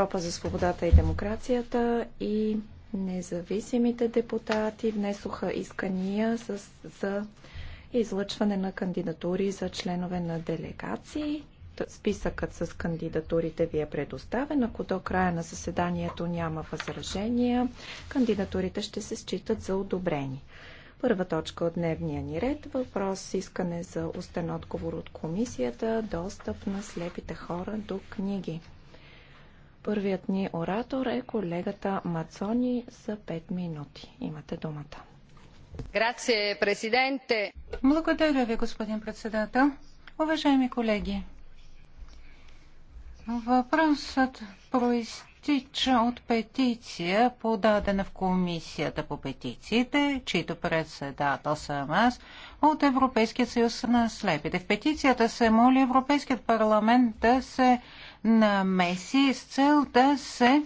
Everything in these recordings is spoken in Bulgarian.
Европа за свободата и демокрацията и независимите депутати внесоха искания за, за излъчване на кандидатури за членове на делегации. Списъкът с кандидатурите ви е предоставен. Ако до края на заседанието няма възражения, кандидатурите ще се считат за одобрени. Първа точка от дневния ни ред – въпрос с искане за устен отговор от комисията – достъп на слепите хора до книги. Първият ни оратор е колегата Мацони за 5 минути. Имате думата. Грация, президенте! Благодаря ви, господин председател. Уважаеми колеги, въпросът проистича от петиция, подадена в Комисията по петициите, чието председател съм аз, от Европейския съюз на слепите. В петицията се моли Европейският парламент да се на Меси с цел да се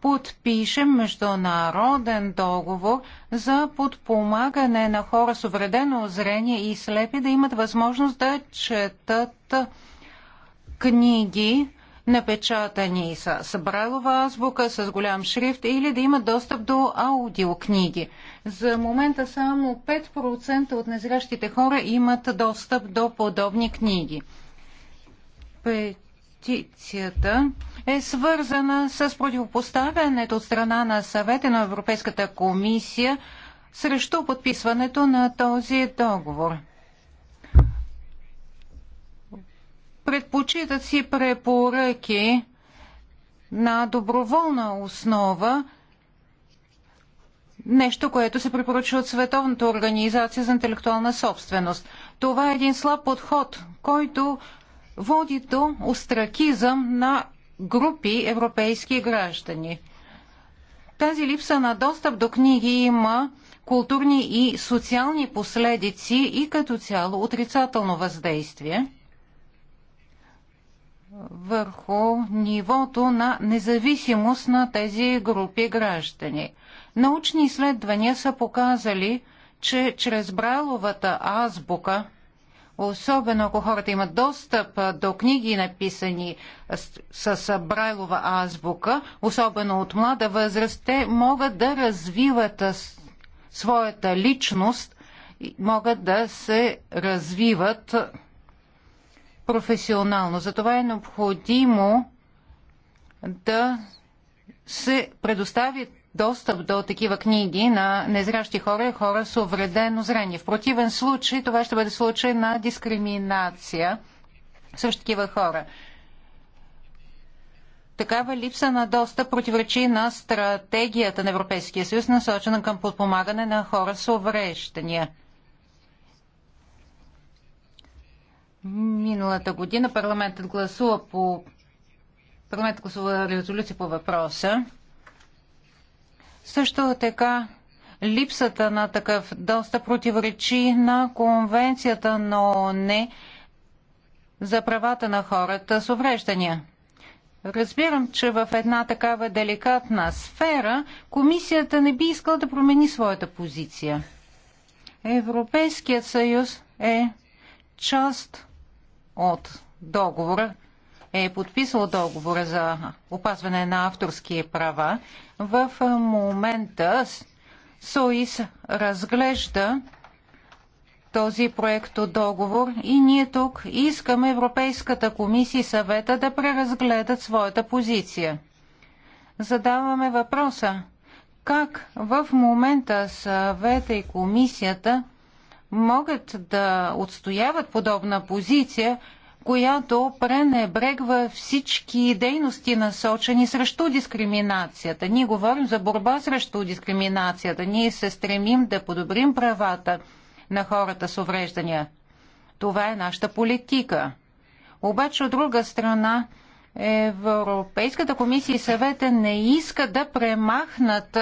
подпишем международен договор за подпомагане на хора с увредено зрение и слепи да имат възможност да четат книги, напечатани с брайлова азбука, с голям шрифт или да имат достъп до аудиокниги. За момента само 5% от незрящите хора имат достъп до подобни книги юстицията е свързана с противопоставянето от страна на съвета на Европейската комисия срещу подписването на този договор. Предпочитат си препоръки на доброволна основа, нещо, което се препоръчва от Световната организация за интелектуална собственост. Това е един слаб подход, който води до остракизъм на групи европейски граждани. Тази липса на достъп до книги има културни и социални последици и като цяло отрицателно въздействие върху нивото на независимост на тези групи граждани. Научни изследвания са показали, че чрез брайловата азбука – Особено ако хората имат достъп до книги, написани с, с Брайлова азбука, особено от млада възраст, те могат да развиват своята личност, могат да се развиват професионално. Затова е необходимо да се предостави достъп до такива книги на незрящи хора и е хора с увредено зрение. В противен случай това ще бъде случай на дискриминация срещу такива хора. Такава липса на доста противоречи на стратегията на Европейския съюз, насочена към подпомагане на хора с увреждания. Миналата година парламентът гласува по парламентът гласува резолюция по въпроса. Също така липсата на такъв доста противоречи на конвенцията но не за правата на хората с увреждания. Разбирам, че в една такава деликатна сфера комисията не би искала да промени своята позиция. Европейският съюз е част от договора е подписал договора за опазване на авторски права, в момента СОИС разглежда този проект от договор и ние тук искаме Европейската комисия и съвета да преразгледат своята позиция. Задаваме въпроса как в момента съвета и комисията могат да отстояват подобна позиция, която пренебрегва всички дейности насочени срещу дискриминацията. Ние говорим за борба срещу дискриминацията. Ние се стремим да подобрим правата на хората с увреждания. Това е нашата политика. Обаче, от друга страна, Европейската комисия и съвета не иска да премахнат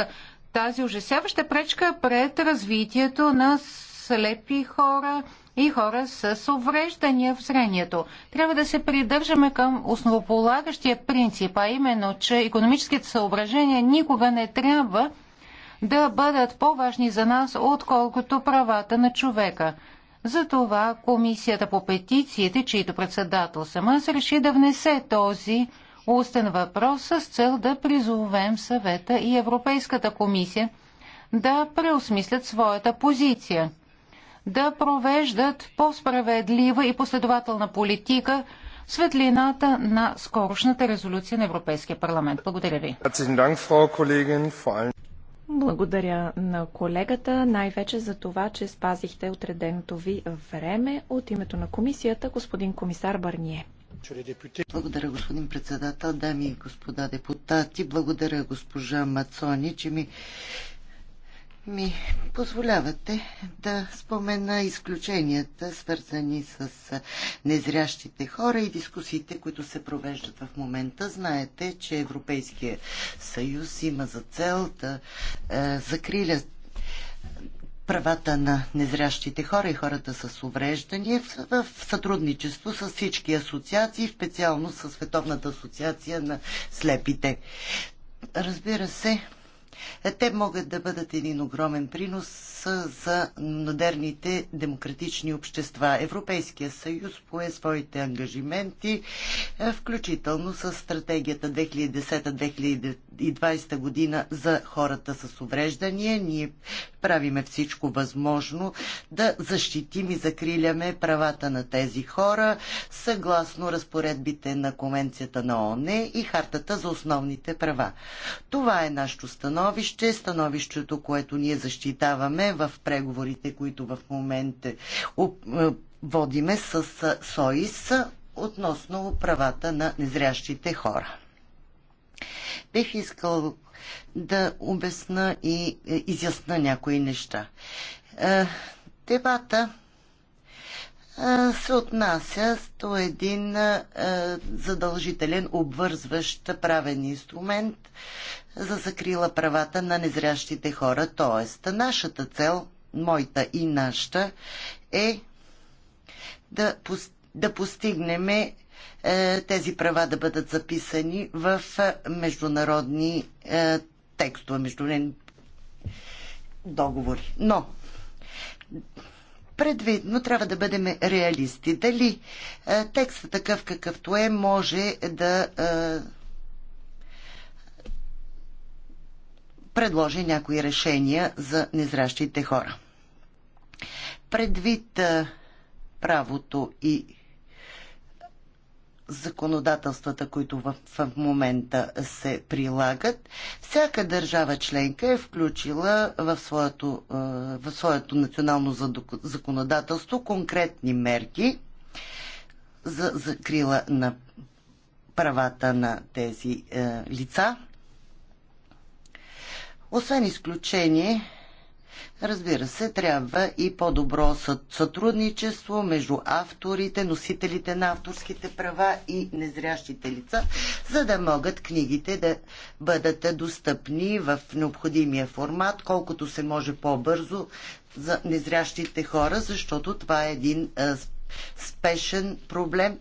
тази ужасяваща пречка пред развитието на слепи хора, и хора с увреждания в зрението. Трябва да се придържаме към основополагащия принцип, а именно, че економическите съображения никога не трябва да бъдат по-важни за нас, отколкото правата на човека. Затова Комисията по петициите, чието председател съм аз, реши да внесе този устен въпрос с цел да призовем съвета и Европейската комисия да преосмислят своята позиция – да провеждат по-справедлива и последователна политика в светлината на скорошната резолюция на Европейския парламент. Благодаря ви. Благодаря на колегата, най-вече за това, че спазихте отреденото ви време от името на комисията, господин комисар Барние. Благодаря, господин председател, дами и господа депутати. Благодаря, госпожа Мацони, че ми ми позволявате да спомена изключенията, свързани с незрящите хора и дискусиите, които се провеждат в момента. Знаете, че Европейския съюз има за цел да е, закриля правата на незрящите хора и хората с увреждания в сътрудничество с всички асоциации, специално с Световната асоциация на слепите. Разбира се, те могат да бъдат един огромен принос за модерните демократични общества. Европейския съюз пое своите ангажименти, е, включително с стратегията 2010-2020 година за хората с увреждания. Ние правиме всичко възможно да защитим и закриляме правата на тези хора, съгласно разпоредбите на Конвенцията на ОНЕ и Хартата за основните права. Това е нашето становище становище, становището, което ние защитаваме в преговорите, които в момента е, е, водиме с е, СОИС относно правата на незрящите хора. Бих искал да обясна и изясна някои неща. Дебата се отнася до един задължителен, обвързващ правен инструмент за закрила правата на незрящите хора. Тоест, нашата цел, моята и нашата, е да, да постигнем е, тези права да бъдат записани в международни е, текстове, международни договори. Но предвид, но трябва да бъдем реалисти. Дали е, текстът такъв какъвто е може да е, предложи някои решения за незращите хора. Предвид е, правото и законодателствата, които в, в момента се прилагат. Всяка държава членка е включила в своето, е, в своето национално законодателство конкретни мерки за закрила на правата на тези е, лица. Освен изключение, Разбира се, трябва и по-добро сътрудничество между авторите, носителите на авторските права и незрящите лица, за да могат книгите да бъдат достъпни в необходимия формат, колкото се може по-бързо за незрящите хора, защото това е един спешен проблем.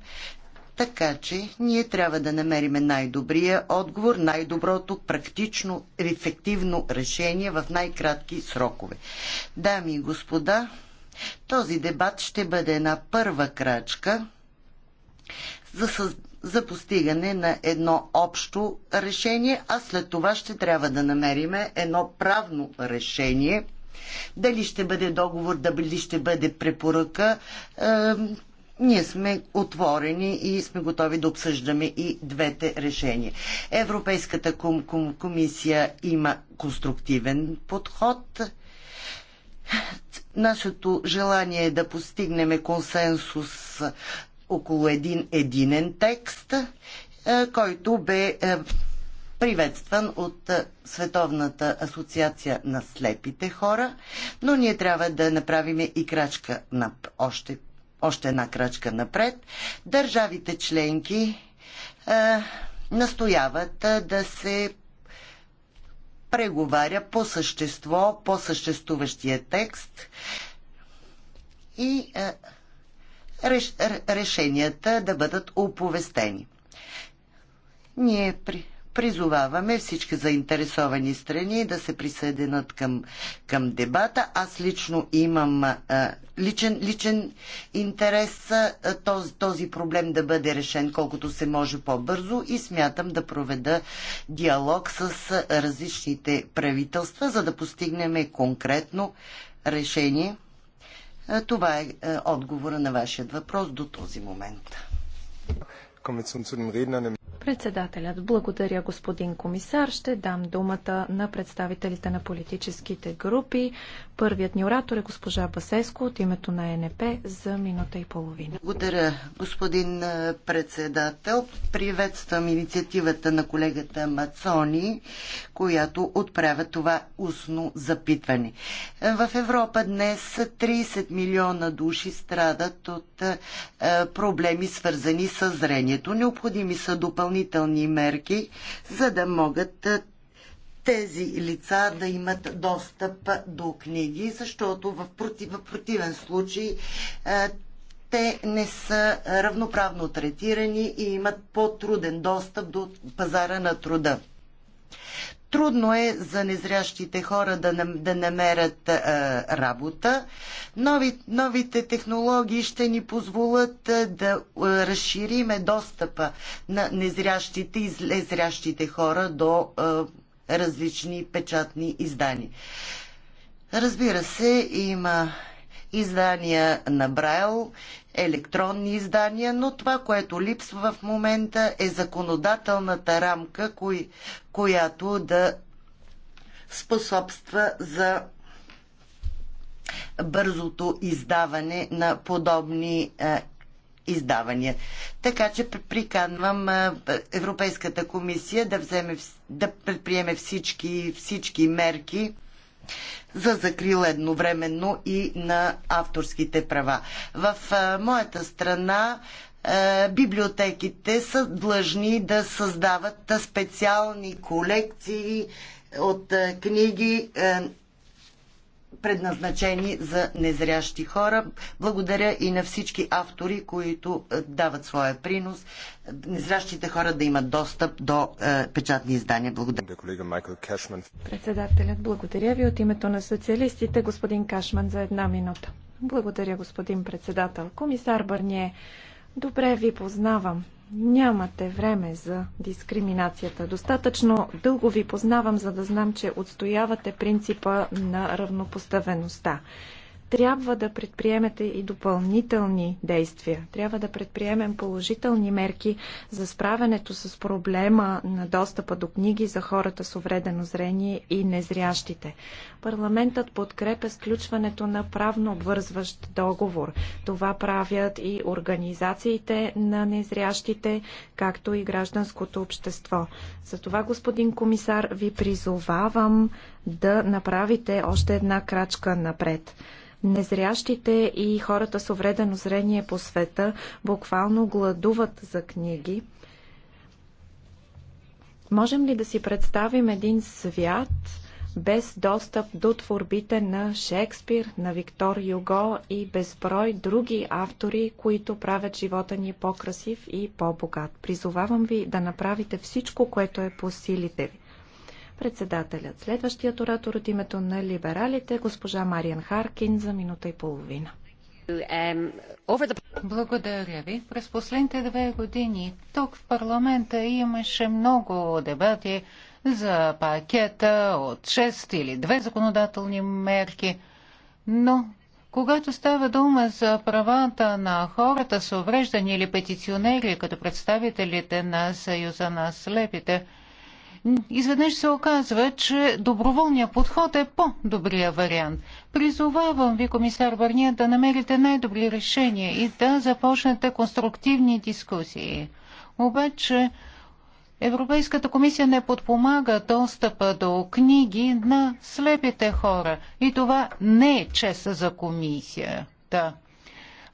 Така че ние трябва да намериме най-добрия отговор, най-доброто практично, ефективно решение в най-кратки срокове. Дами и господа, този дебат ще бъде една първа крачка за, съз... за постигане на едно общо решение, а след това ще трябва да намериме едно правно решение – дали ще бъде договор, дали ще бъде препоръка, ние сме отворени и сме готови да обсъждаме и двете решения. Европейската ком- ком- комисия има конструктивен подход. Нашето желание е да постигнем консенсус около един единен текст, е, който бе е, приветстван от е, Световната асоциация на слепите хора, но ние трябва да направим и крачка на още още една крачка напред. Държавите членки е, настояват е, да се преговаря по същество, по съществуващия текст и е, реш, решенията да бъдат оповестени. Ние при призоваваме всички заинтересовани страни да се присъединят към, към дебата. Аз лично имам а, личен, личен интерес а, този, този проблем да бъде решен колкото се може по-бързо и смятам да проведа диалог с различните правителства, за да постигнем конкретно решение. А, това е а, отговора на вашия въпрос до този момент. Kommen wir zu den Rednern im Председателят, благодаря господин комисар. Ще дам думата на представителите на политическите групи. Първият ни оратор е госпожа Басеско от името на ЕНП за минута и половина. Благодаря, господин председател. Приветствам инициативата на колегата Мацони, която отправя това устно запитване. В Европа днес 30 милиона души страдат от проблеми свързани с зрението. Необходими са допълнителни допълнителни мерки, за да могат тези лица да имат достъп до книги, защото в, против, в противен случай те не са равноправно третирани и имат по-труден достъп до пазара на труда. Трудно е за незрящите хора да, да намерят а, работа. Нови, новите технологии ще ни позволят а, да а, разшириме достъпа на незрящите и зрящите хора до а, различни печатни издания. Разбира се, има издания на Брайл, електронни издания, но това, което липсва в момента е законодателната рамка, кои, която да способства за бързото издаване на подобни а, е, издавания. Така че приканвам а, е, Европейската комисия да, вземе, да предприеме всички, всички мерки за закрила едновременно и на авторските права. В е, моята страна е, библиотеките са длъжни да създават специални колекции от е, книги предназначени за незрящи хора. Благодаря и на всички автори, които е, дават своя принос. Незрящите хора да имат достъп до е, печатни издания. Благодаря. Председателят, благодаря ви от името на социалистите, господин Кашман, за една минута. Благодаря, господин председател. Комисар Бърние, Добре ви познавам. Нямате време за дискриминацията. Достатъчно дълго ви познавам, за да знам, че отстоявате принципа на равнопоставеността трябва да предприемете и допълнителни действия. Трябва да предприемем положителни мерки за справянето с проблема на достъпа до книги за хората с увредено зрение и незрящите. Парламентът подкрепя сключването на правно обвързващ договор. Това правят и организациите на незрящите, както и гражданското общество. Затова, господин комисар, ви призовавам да направите още една крачка напред. Незрящите и хората с увредено зрение по света буквално гладуват за книги. Можем ли да си представим един свят без достъп до творбите на Шекспир, на Виктор Юго и безброй други автори, които правят живота ни по-красив и по-богат? Призовавам ви да направите всичко, което е по силите ви. Председателят. Следващият оратор от името на либералите, госпожа Мариан Харкин, за минута и половина. Благодаря ви. През последните две години тук в парламента имаше много дебати за пакета от 6 или две законодателни мерки, но когато става дума за правата на хората с увреждани или петиционери, като представителите на Съюза на слепите, изведнъж се оказва, че доброволният подход е по-добрия вариант. Призовавам ви, комисар Барния, да намерите най-добри решения и да започнете конструктивни дискусии. Обаче Европейската комисия не подпомага достъпа до книги на слепите хора и това не е чест за комисията.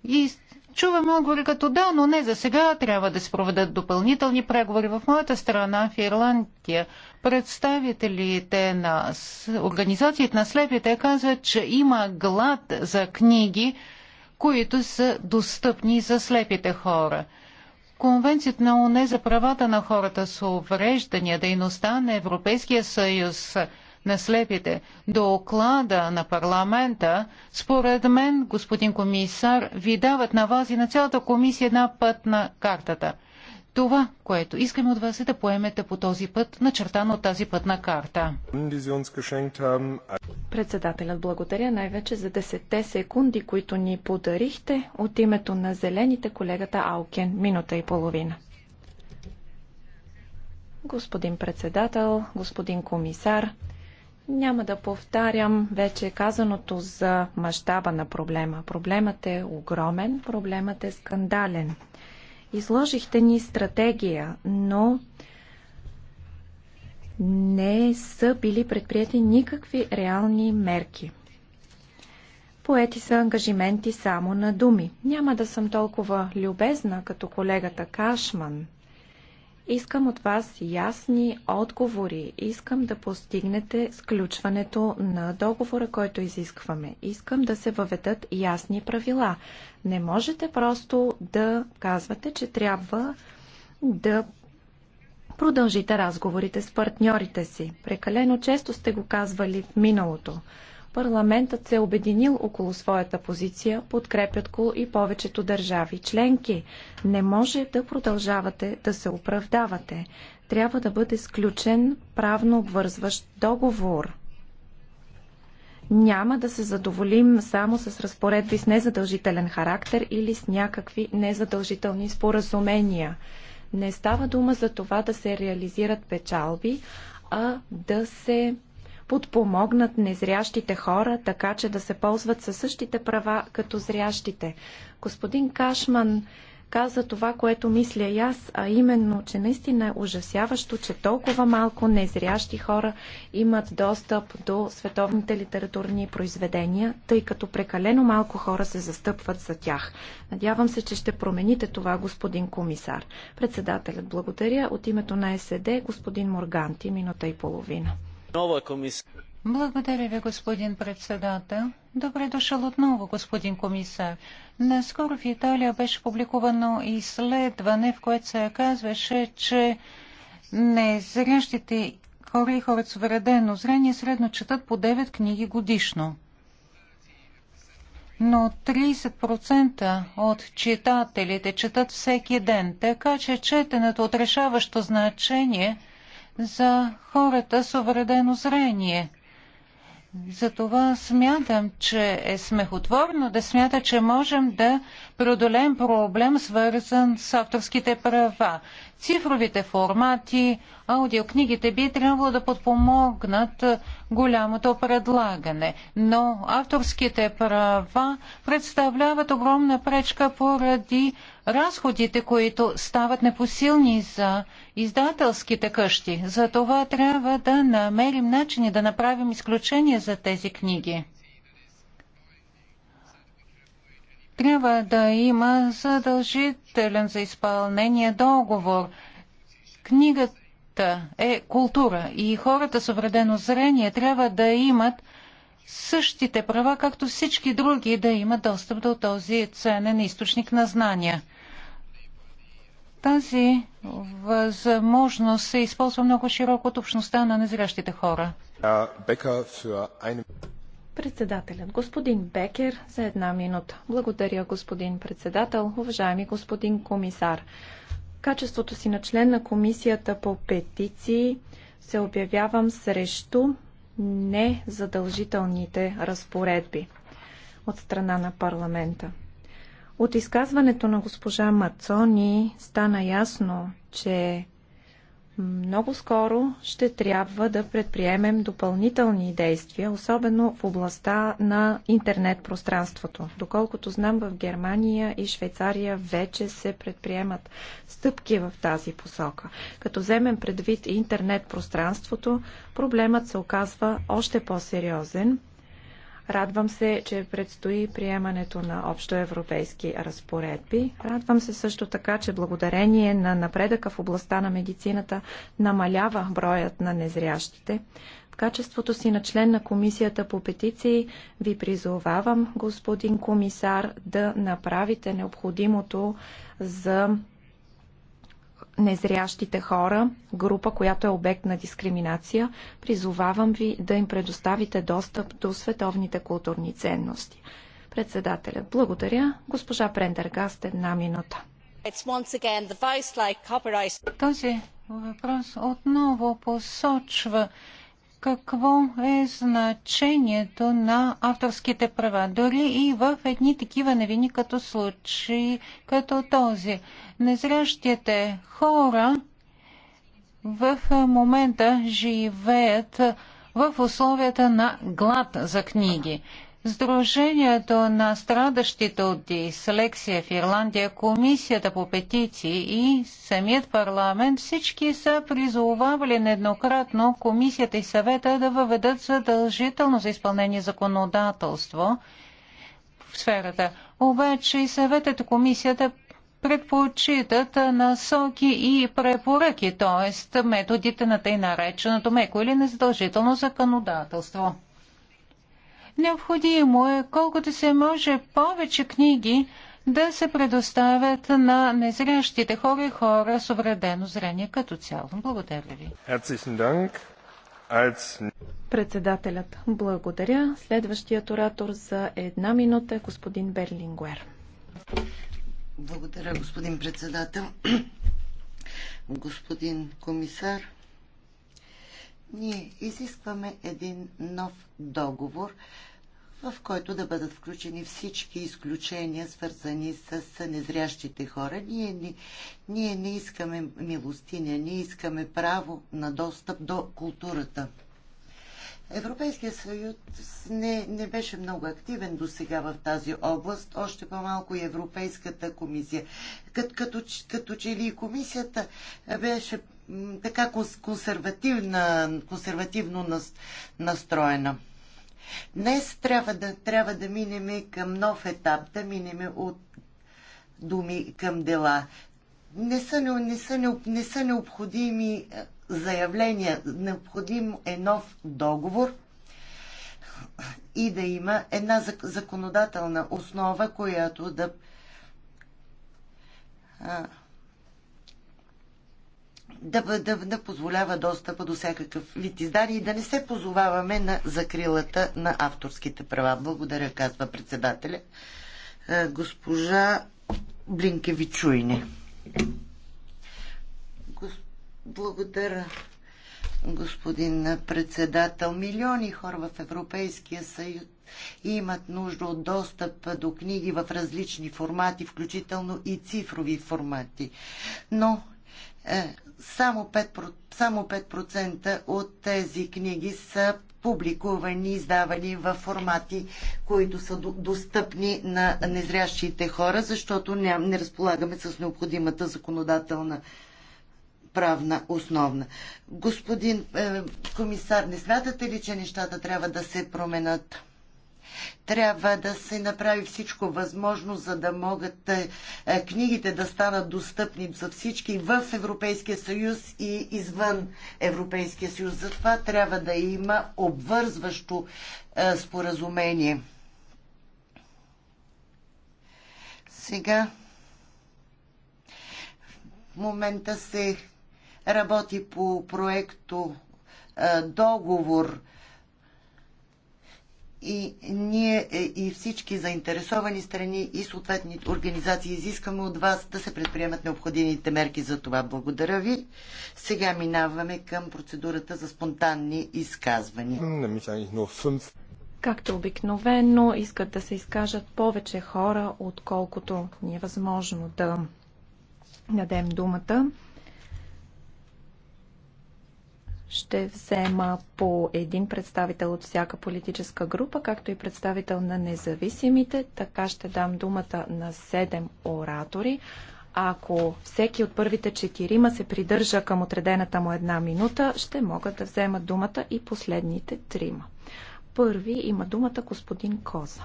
И Чувам отговори като да, но не за сега. Трябва да се проведат допълнителни преговори в моята страна, в Ирландия. Представителите на организациите на слепите казват, че има глад за книги, които са достъпни за слепите хора. Конвенцията на ОНЕ за правата на хората с увреждания, дейността на Европейския съюз – на слепите. Доклада на парламента, според мен, господин комисар, ви дават на вас и на цялата комисия една път на картата. Това, което искаме от вас е да поемете по този път, начертано от тази пътна карта. Председателят благодаря най-вече за 10 секунди, които ни подарихте от името на зелените колегата Аукен. Минута и половина. Господин председател, господин комисар, няма да повтарям вече казаното за мащаба на проблема. Проблемът е огромен, проблемът е скандален. Изложихте ни стратегия, но не са били предприяти никакви реални мерки. Поети са ангажименти само на думи. Няма да съм толкова любезна като колегата Кашман – Искам от вас ясни отговори. Искам да постигнете сключването на договора, който изискваме. Искам да се въведат ясни правила. Не можете просто да казвате, че трябва да продължите разговорите с партньорите си. Прекалено често сте го казвали в миналото. Парламентът се е обединил около своята позиция, подкрепят го и повечето държави членки. Не може да продължавате да се оправдавате. Трябва да бъде сключен правно обвързващ договор. Няма да се задоволим само с разпоредби с незадължителен характер или с някакви незадължителни споразумения. Не става дума за това да се реализират печалби, а да се подпомогнат незрящите хора, така че да се ползват със същите права като зрящите. Господин Кашман каза това, което мисля и аз, а именно, че наистина е ужасяващо, че толкова малко незрящи хора имат достъп до световните литературни произведения, тъй като прекалено малко хора се застъпват за тях. Надявам се, че ще промените това, господин комисар. Председателят благодаря. От името на СД, господин Морганти, минута и половина. Благодаря ви, господин председател. Добре дошъл отново, господин комисар. Наскоро в Италия беше публикувано изследване, в което се оказваше, че незрящите хора и хора с вредено зрение средно четат по 9 книги годишно. Но 30% от читателите четат всеки ден, така че четенето от решаващо значение – за хората с увредено зрение. Затова смятам, че е смехотворно да смята, че можем да преодолен проблем, свързан с авторските права. Цифровите формати, аудиокнигите би трябвало да подпомогнат голямото предлагане, но авторските права представляват огромна пречка поради разходите, които стават непосилни за издателските къщи. За това трябва да намерим начини да направим изключение за тези книги. трябва да има задължителен за изпълнение договор. Книгата е култура и хората с увредено зрение трябва да имат същите права, както всички други, да имат достъп до този ценен източник на знания. Тази възможност се използва много широко от общността на незрящите хора. Председателят господин Бекер за една минута. Благодаря, господин председател, уважаеми господин комисар. Качеството си на член на комисията по петиции се обявявам срещу незадължителните разпоредби от страна на парламента. От изказването на госпожа Мацони стана ясно, че много скоро ще трябва да предприемем допълнителни действия, особено в областта на интернет пространството. Доколкото знам, в Германия и Швейцария вече се предприемат стъпки в тази посока. Като вземем предвид интернет пространството, проблемът се оказва още по-сериозен – Радвам се, че предстои приемането на общоевропейски разпоредби. Радвам се също така, че благодарение на напредъка в областта на медицината намалява броят на незрящите. В качеството си на член на Комисията по петиции ви призовавам, господин комисар, да направите необходимото за незрящите хора, група, която е обект на дискриминация, призовавам ви да им предоставите достъп до световните културни ценности. Председателят, благодаря. Госпожа Прендергаст, една минута. Този въпрос отново посочва какво е значението на авторските права. Дори и в едни такива новини като случаи, като този. Незрящите хора в момента живеят в условията на глад за книги. Сдружението на страдащите от дислексия в Ирландия, Комисията по петиции и самият парламент всички са призовавали нееднократно Комисията и съвета да въведат задължително за изпълнение законодателство в сферата. Обаче и съветът и комисията предпочитат насоки и препоръки, т.е. методите на тъй нареченото меко или незадължително законодателство. Необходимо е колкото се може повече книги да се предоставят на незрящите хора и хора с увредено зрение като цяло. Благодаря ви. Председателят, благодаря. Следващият оратор за една минута е господин Берлингуер. Благодаря, господин председател. Господин комисар, ние изискваме един нов договор, в който да бъдат включени всички изключения, свързани с незрящите хора. Ние не, ние не искаме милостиня, ние искаме право на достъп до културата. Европейския съюз не, не беше много активен до сега в тази област, още по-малко и Европейската комисия. Кът, като, като че ли комисията беше така консервативна, консервативно настроена. Днес трябва да, трябва да минем към нов етап, да минем от думи към дела. Не са, не са, не са необходими е, заявления, необходим е нов договор и да има една законодателна основа, която да да, да, да позволява достъпа до всякакъв вид издание и да не се позоваваме на закрилата на авторските права. Благодаря, казва председателя. Е, госпожа Блинкевичуйне. Благодаря, господин председател. Милиони хора в Европейския съюз имат нужда от достъп до книги в различни формати, включително и цифрови формати. Но е, само 5%, от тези книги са публикувани, издавани в формати, които са достъпни на незрящите хора, защото не, не разполагаме с необходимата законодателна правна основна. Господин е, комисар, не смятате ли, че нещата трябва да се променят? Трябва да се направи всичко възможно, за да могат е, е, книгите да станат достъпни за всички в Европейския съюз и извън Европейския съюз. Затова трябва да има обвързващо е, споразумение. Сега в момента се работи по проекто договор и ние е, и всички заинтересовани страни и съответните организации изискаме от вас да се предприемат необходимите мерки за това. Благодаря ви. Сега минаваме към процедурата за спонтанни изказвания. Както обикновено, искат да се изкажат повече хора, отколкото ни е възможно да дадем думата ще взема по един представител от всяка политическа група, както и представител на независимите. Така ще дам думата на седем оратори. Ако всеки от първите четирима се придържа към отредената му една минута, ще могат да вземат думата и последните трима. Първи има думата господин Коза.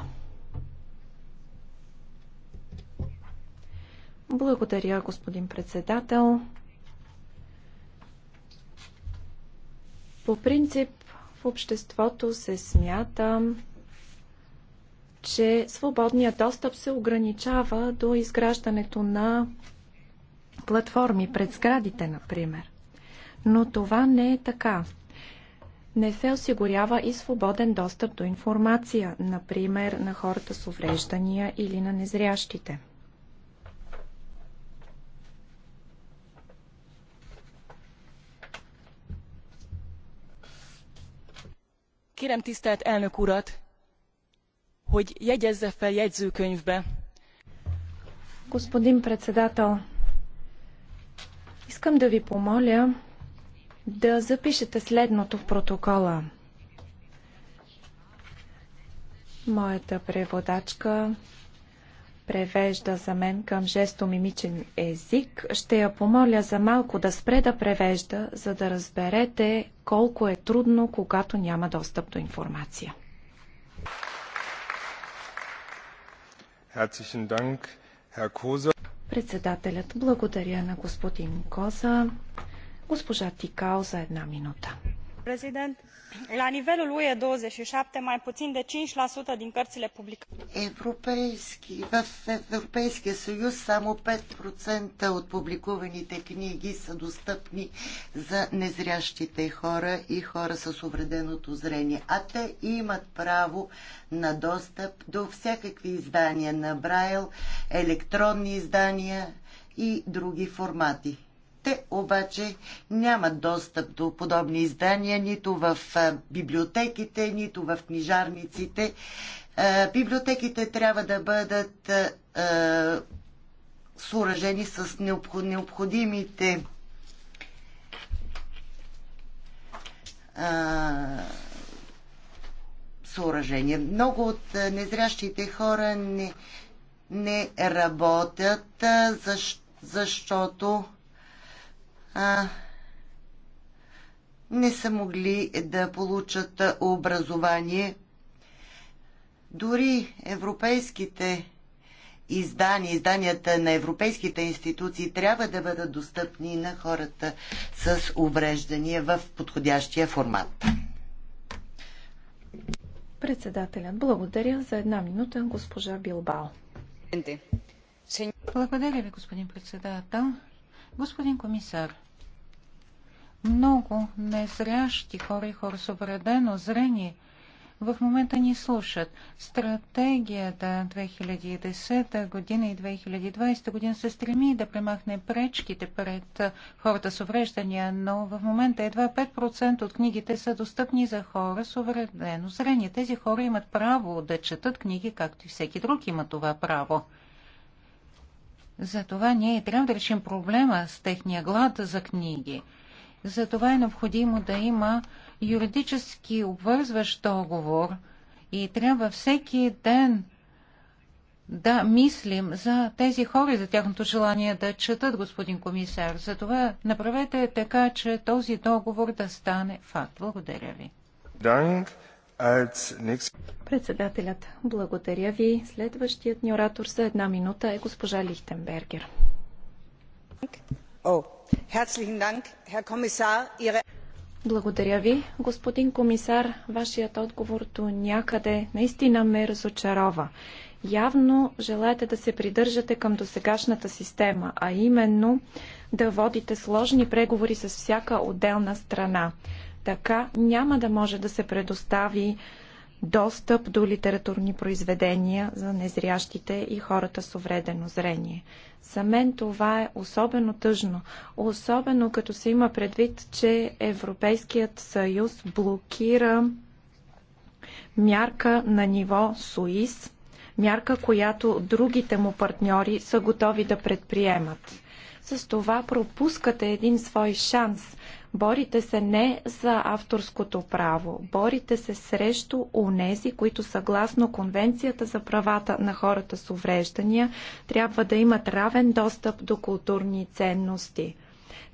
Благодаря, господин председател. По принцип в обществото се смята, че свободният достъп се ограничава до изграждането на платформи пред сградите, например. Но това не е така. Не се осигурява и свободен достъп до информация, например на хората с увреждания или на незрящите. kérem tisztelt elnök urat hogy jegyezze fel jegyzőkönyvbe Господин председател, искам да ви помоля да запишете следното в протокола. Моята преводачка превежда за мен към жестомимичен език. Ще я помоля за малко да спре да превежда, за да разберете колко е трудно, когато няма достъп до информация. Председателят благодаря на господин Коза. Госпожа Тикао за една минута la nivelul ue douăzeci și șapte mai puțin de cinci din cărțile publicate. В Европейския съюз само 5% от публикуваните книги са достъпни за незрящите хора и хора с увреденото зрение. А те имат право на достъп до всякакви издания на Брайл, електронни издания и други формати. Те обаче нямат достъп до подобни издания нито в библиотеките, нито в книжарниците. Библиотеките трябва да бъдат суражени с необходимите съоръжения. Много от незрящите хора не, не работят, защото а, не са могли да получат образование. Дори европейските издания, изданията на европейските институции трябва да бъдат достъпни на хората с увреждания в подходящия формат. Председателят, благодаря за една минута, госпожа Билбао. Благодаря ви, господин председател. Господин комисар, много незрящи хора и хора с обредено зрение в момента ни слушат. Стратегията 2010 година и 2020 година се стреми да премахне пречките пред хората с увреждания, но в момента едва 5% от книгите са достъпни за хора с увредено зрение. Тези хора имат право да четат книги, както и всеки друг има това право. Затова ние трябва да решим проблема с техния глад за книги – затова е необходимо да има юридически обвързващ договор и трябва всеки ден да мислим за тези хора и за тяхното желание да четат, господин комисар. Затова направете така, че този договор да стане факт. Благодаря ви. Председателят, благодаря ви. Следващият ни оратор за една минута е госпожа Лихтенбергер. Oh. Благодаря ви. Господин комисар, вашият отговор до някъде наистина ме разочарова. Явно желаете да се придържате към досегашната система, а именно да водите сложни преговори с всяка отделна страна. Така няма да може да се предостави достъп до литературни произведения за незрящите и хората с увредено зрение. За мен това е особено тъжно, особено като се има предвид, че Европейският съюз блокира мярка на ниво СУИС, мярка, която другите му партньори са готови да предприемат. С това пропускате един свой шанс. Борите се не за авторското право, борите се срещу унези, които съгласно Конвенцията за правата на хората с увреждания трябва да имат равен достъп до културни ценности.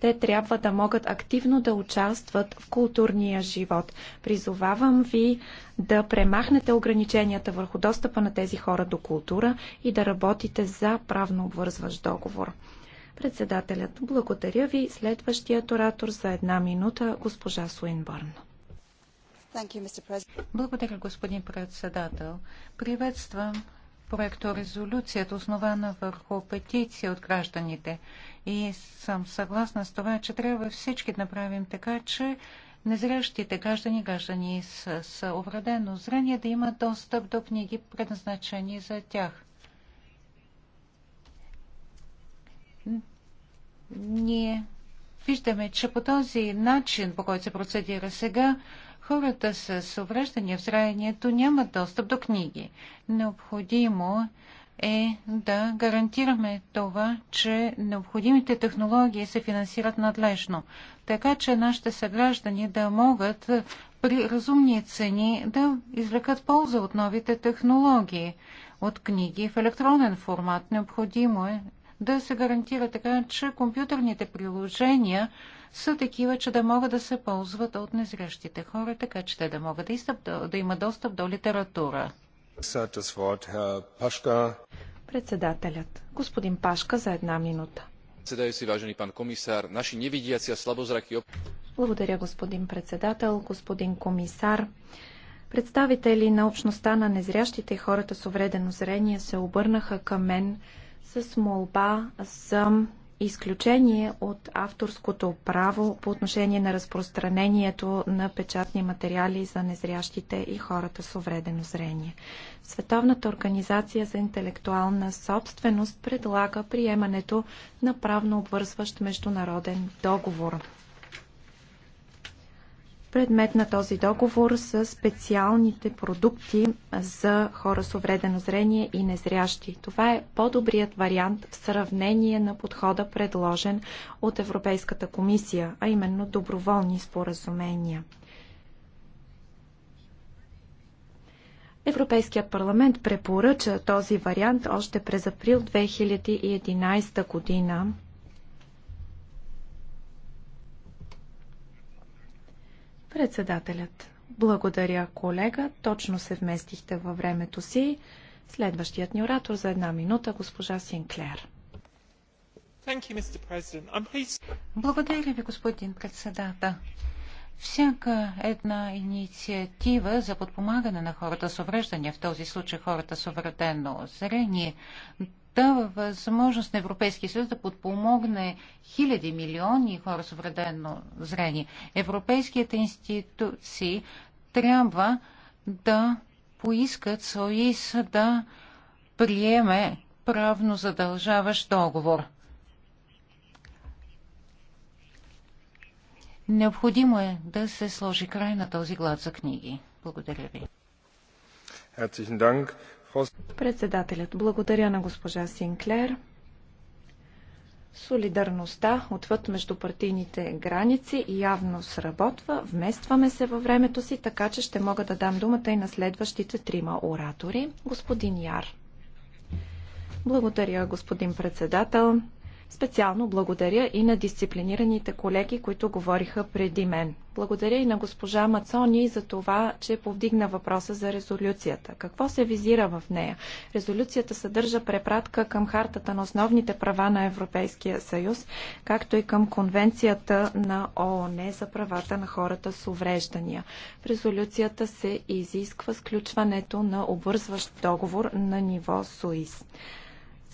Те трябва да могат активно да участват в културния живот. Призовавам ви да премахнете ограниченията върху достъпа на тези хора до култура и да работите за правно обвързващ договор. Председателят, благодаря ви. Следващият оратор за една минута, госпожа Суинборн. Благодаря, господин председател. Приветствам проекто резолюцията, основана върху петиция от гражданите. И съм съгласна с това, че трябва всички да направим така, че незрящите граждани, граждани с, с увредено зрение да имат достъп до книги, предназначени за тях. Ние виждаме, че по този начин, по който се процедира сега, хората с увреждания в зрението нямат достъп до книги. Необходимо е да гарантираме това, че необходимите технологии се финансират надлежно, така че нашите съграждани да могат при разумни цени да извлекат полза от новите технологии, от книги в електронен формат. Необходимо е да се гарантира така, че компютърните приложения са такива, че да могат да се ползват от незрящите хора, така че те да могат да, истъп, да, да имат достъп до литература. Председателят. Господин Пашка за една минута. Благодаря, господин председател, господин комисар. Представители на общността на незрящите и хората с увредено зрение се обърнаха към мен с молба за изключение от авторското право по отношение на разпространението на печатни материали за незрящите и хората с увредено зрение. Световната организация за интелектуална собственост предлага приемането на правно обвързващ международен договор. Предмет на този договор са специалните продукти за хора с увредено зрение и незрящи. Това е по-добрият вариант в сравнение на подхода предложен от Европейската комисия, а именно доброволни споразумения. Европейският парламент препоръча този вариант още през април 2011 година Председателят. Благодаря, колега. Точно се вместихте във времето си. Следващият ни оратор за една минута, госпожа Синклер. Благодаря ви, господин председател. Всяка една инициатива за подпомагане на хората с увреждания, в този случай хората с увредено зрение, дава възможност на Европейския съюз да подпомогне хиляди милиони хора с вредено зрение. Европейските институции трябва да поискат СОИС да приеме правно задължаващ договор. Необходимо е да се сложи край на този глад за книги. Благодаря ви. Председателят, благодаря на госпожа Синклер. Солидарността отвъд междупартийните граници явно сработва. Вместваме се във времето си, така че ще мога да дам думата и на следващите трима оратори. Господин Яр. Благодаря, господин председател. Специално благодаря и на дисциплинираните колеги, които говориха преди мен. Благодаря и на госпожа Мацони за това, че повдигна въпроса за резолюцията. Какво се визира в нея? Резолюцията съдържа препратка към Хартата на основните права на Европейския съюз, както и към Конвенцията на ООН за правата на хората с увреждания. В резолюцията се изисква сключването на обвързващ договор на ниво СУИС.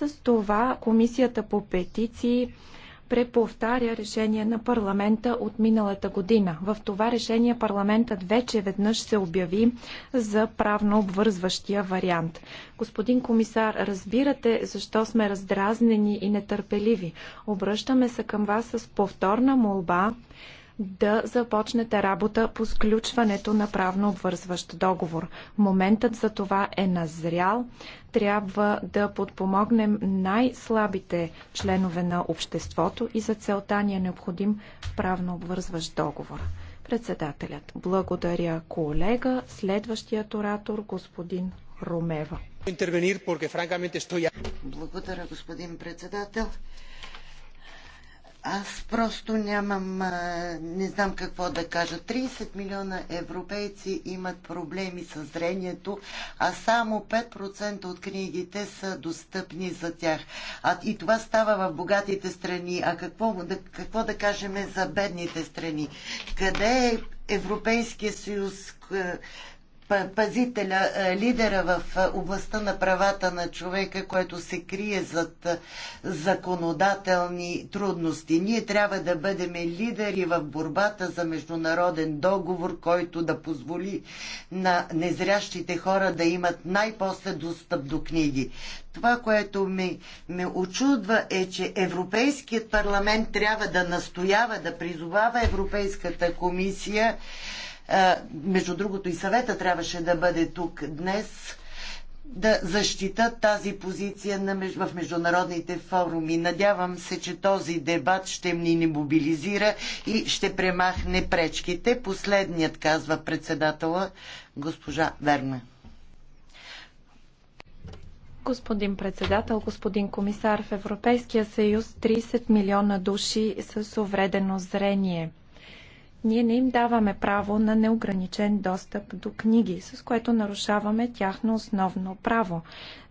С това Комисията по петиции преповтаря решение на парламента от миналата година. В това решение парламентът вече веднъж се обяви за правно обвързващия вариант. Господин комисар, разбирате защо сме раздразнени и нетърпеливи. Обръщаме се към вас с повторна молба да започнете работа по сключването на правно обвързващ договор. Моментът за това е назрял. Трябва да подпомогнем най-слабите членове на обществото и за целта ни е необходим правно обвързващ договор. Председателят. Благодаря, колега. Следващият оратор, господин Ромева. Благодаря, господин председател. Аз просто нямам, не знам какво да кажа. 30 милиона европейци имат проблеми с зрението, а само 5% от книгите са достъпни за тях. А, и това става в богатите страни. А какво да, какво да кажем за бедните страни? Къде е Европейския съюз? пазителя, е, лидера в е, областта на правата на човека, който се крие зад е, законодателни трудности. Ние трябва да бъдем лидери в борбата за международен договор, който да позволи на незрящите хора да имат най-после достъп до книги. Това, което ме, ме очудва е, че Европейският парламент трябва да настоява, да призовава Европейската комисия между другото и съвета трябваше да бъде тук днес, да защитат тази позиция на, в международните форуми. Надявам се, че този дебат ще ни не мобилизира и ще премахне пречките. Последният, казва председателът госпожа Верна. Господин председател, господин комисар, в Европейския съюз 30 милиона души с увредено зрение – ние не им даваме право на неограничен достъп до книги, с което нарушаваме тяхно основно право.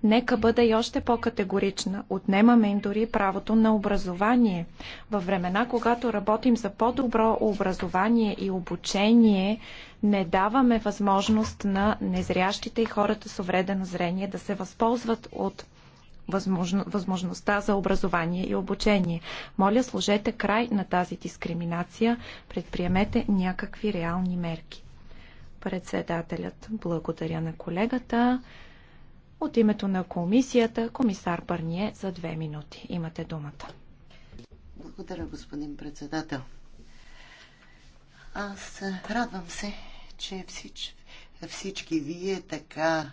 Нека бъда и още по-категорична. Отнемаме им дори правото на образование. Във времена, когато работим за по-добро образование и обучение, не даваме възможност на незрящите и хората с увредено зрение да се възползват от възможно, възможността за образование и обучение. Моля, сложете край на тази дискриминация, предприемете някакви реални мерки. Председателят благодаря на колегата. От името на комисията, комисар Бърние за две минути. Имате думата. Благодаря, господин председател. Аз радвам се, че всич, всички вие така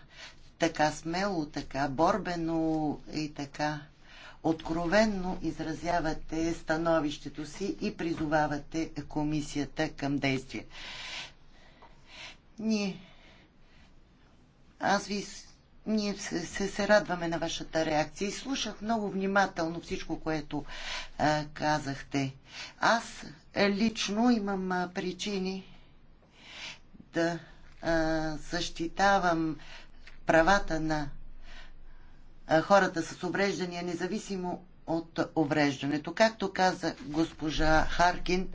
така смело, така борбено и така откровенно изразявате становището си и призовавате комисията към действие. Ние, аз ви, ние се, се, се радваме на вашата реакция и слушах много внимателно всичко, което а, казахте. Аз е, лично имам а, причини да а, защитавам правата на хората с увреждания, независимо от увреждането. Както каза госпожа Харкин,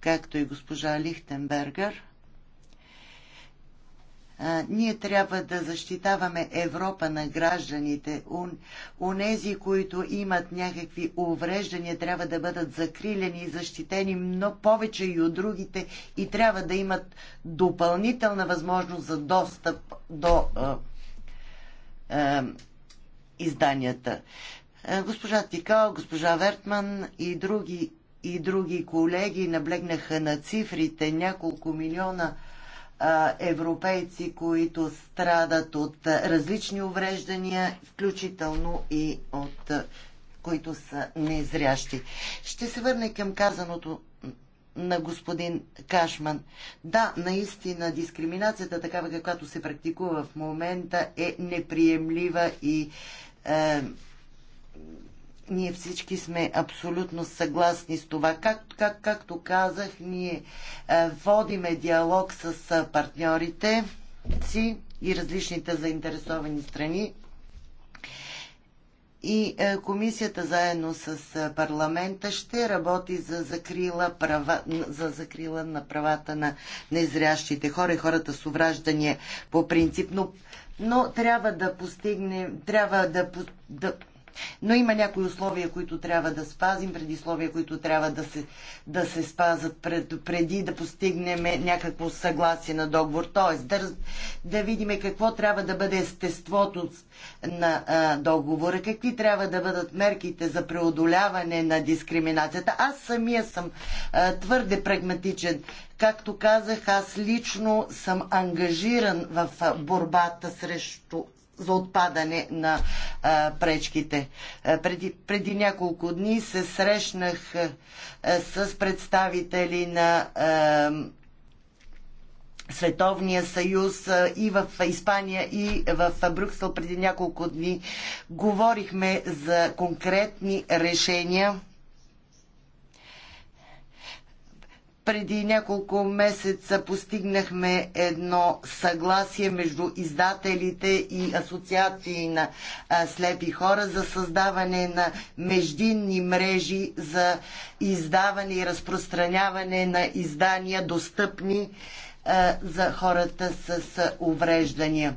както и госпожа Лихтенбергер, ние трябва да защитаваме Европа на гражданите. Унези, които имат някакви увреждания, трябва да бъдат закрилени и защитени много повече и от другите и трябва да имат допълнителна възможност за достъп до а, а, изданията. госпожа Тикал, госпожа Вертман и други, и други колеги наблегнаха на цифрите няколко милиона европейци, които страдат от различни увреждания, включително и от които са незрящи. Ще се върне към казаното на господин Кашман. Да, наистина дискриминацията, такава каквато се практикува в момента, е неприемлива и е, ние всички сме абсолютно съгласни с това. Как, как, както казах, ние е, водиме диалог с е, партньорите си и различните заинтересовани страни. И е, комисията заедно с парламента ще работи за закрила, права, за закрила на правата на незрящите хора и хората с увраждания по принцип. Но, но трябва да постигнем, трябва да, да но има някои условия, които трябва да спазим, предисловия, които трябва да се, да се спазат пред, преди да постигнем някакво съгласие на договор. Тоест да, да видим какво трябва да бъде естеството на а, договора, какви трябва да бъдат мерките за преодоляване на дискриминацията. Аз самия съм а, твърде прагматичен. Както казах, аз лично съм ангажиран в борбата срещу за отпадане на а, пречките. А, преди, преди няколко дни се срещнах а, с представители на а, Световния съюз и в Испания, и в Брюксел преди няколко дни говорихме за конкретни решения преди няколко месеца постигнахме едно съгласие между издателите и асоциации на слепи хора за създаване на междинни мрежи за издаване и разпространяване на издания, достъпни за хората с увреждания.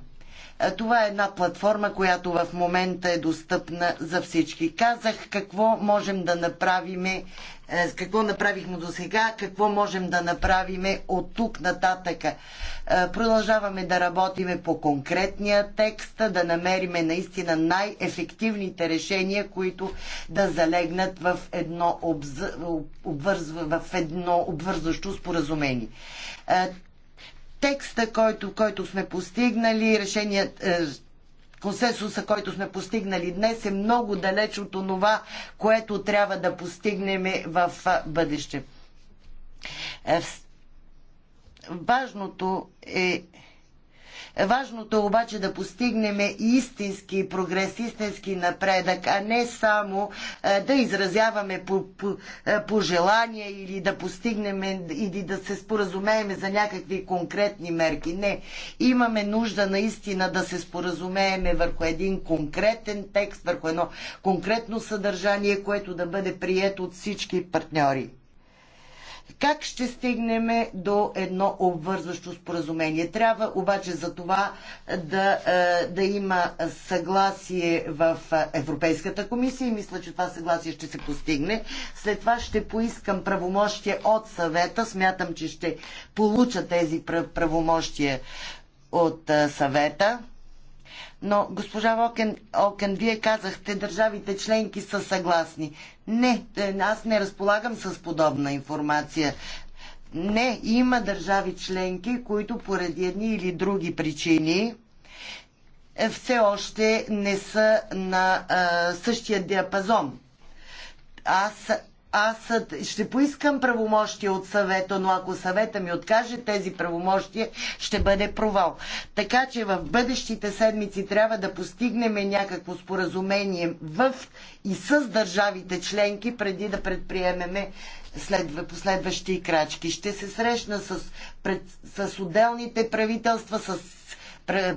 Това е една платформа, която в момента е достъпна за всички. Казах какво можем да направим е, какво направихме до сега, какво можем да направим от тук нататък. Е, продължаваме да работиме по конкретния текст, да намериме наистина най-ефективните решения, които да залегнат в едно, обз... в едно обвързващо споразумение. Е, текста, който, който сме постигнали, решения, консенсуса, който сме постигнали днес, е много далеч от онова, което трябва да постигнем в бъдеще. Е, важното е Важното е обаче да постигнем истински прогрес, истински напредък, а не само е, да изразяваме е, пожелания или да постигнем или да се споразумеем за някакви конкретни мерки. Не. Имаме нужда наистина да се споразумеем върху един конкретен текст, върху едно конкретно съдържание, което да бъде прието от всички партньори. Как ще стигнем до едно обвързващо споразумение? Трябва обаче за това да, е, да има съгласие в Европейската комисия и мисля, че това съгласие ще се постигне. След това ще поискам правомощие от съвета. Смятам, че ще получа тези правомощия от е, съвета. Но, госпожа Окен, Окен, вие казахте, държавите членки са съгласни. Не, е, аз не разполагам с подобна информация. Не, има държави членки, които поради едни или други причини е, все още не са на а, е, същия диапазон. Аз аз ще поискам правомощия от съвета, но ако съвета ми откаже тези правомощия, ще бъде провал. Така че в бъдещите седмици трябва да постигнем някакво споразумение в и с държавите членки, преди да предприемеме последващи крачки. Ще се срещна с, пред, с отделните правителства, с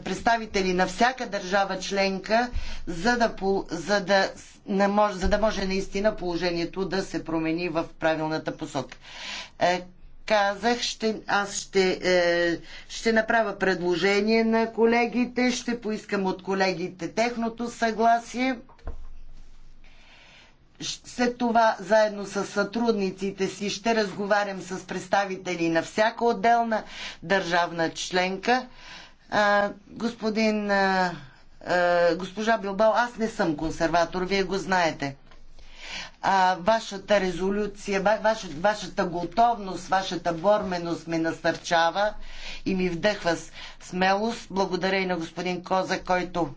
представители на всяка държава членка, за да, за да, не може, за да може наистина положението да се промени в правилната посока. Е, казах, ще, аз ще, е, ще направя предложение на колегите, ще поискам от колегите техното съгласие. След това, заедно с сътрудниците си, ще разговарям с представители на всяка отделна държавна членка. А, господин, а, а, госпожа Билбал, аз не съм консерватор, вие го знаете. А, вашата резолюция, ваш, вашата готовност, вашата борменост ме насърчава и ми вдъхва смелост. Благодаря и на господин Коза, който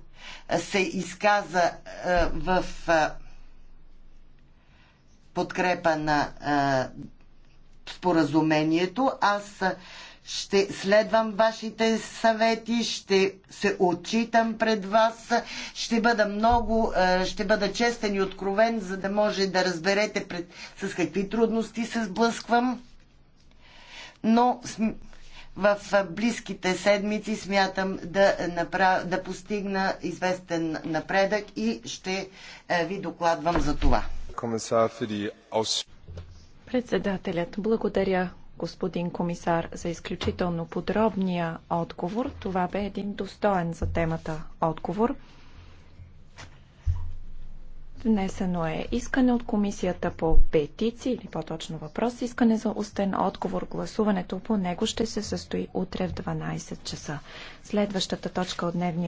се изказа а, в а, подкрепа на а, споразумението. Аз ще следвам вашите съвети, ще се отчитам пред вас, ще бъда много, е, ще бъда честен и откровен, за да може да разберете пред, с какви трудности се сблъсквам. Но в близките седмици смятам да, направ... да постигна известен напредък и ще е, ви докладвам за това. Председателят, благодаря господин комисар, за изключително подробния отговор. Това бе един достоен за темата отговор. Внесено е искане от комисията по петиции, или по-точно въпрос, искане за устен отговор. Гласуването по него ще се състои утре в 12 часа. Следващата точка от дневния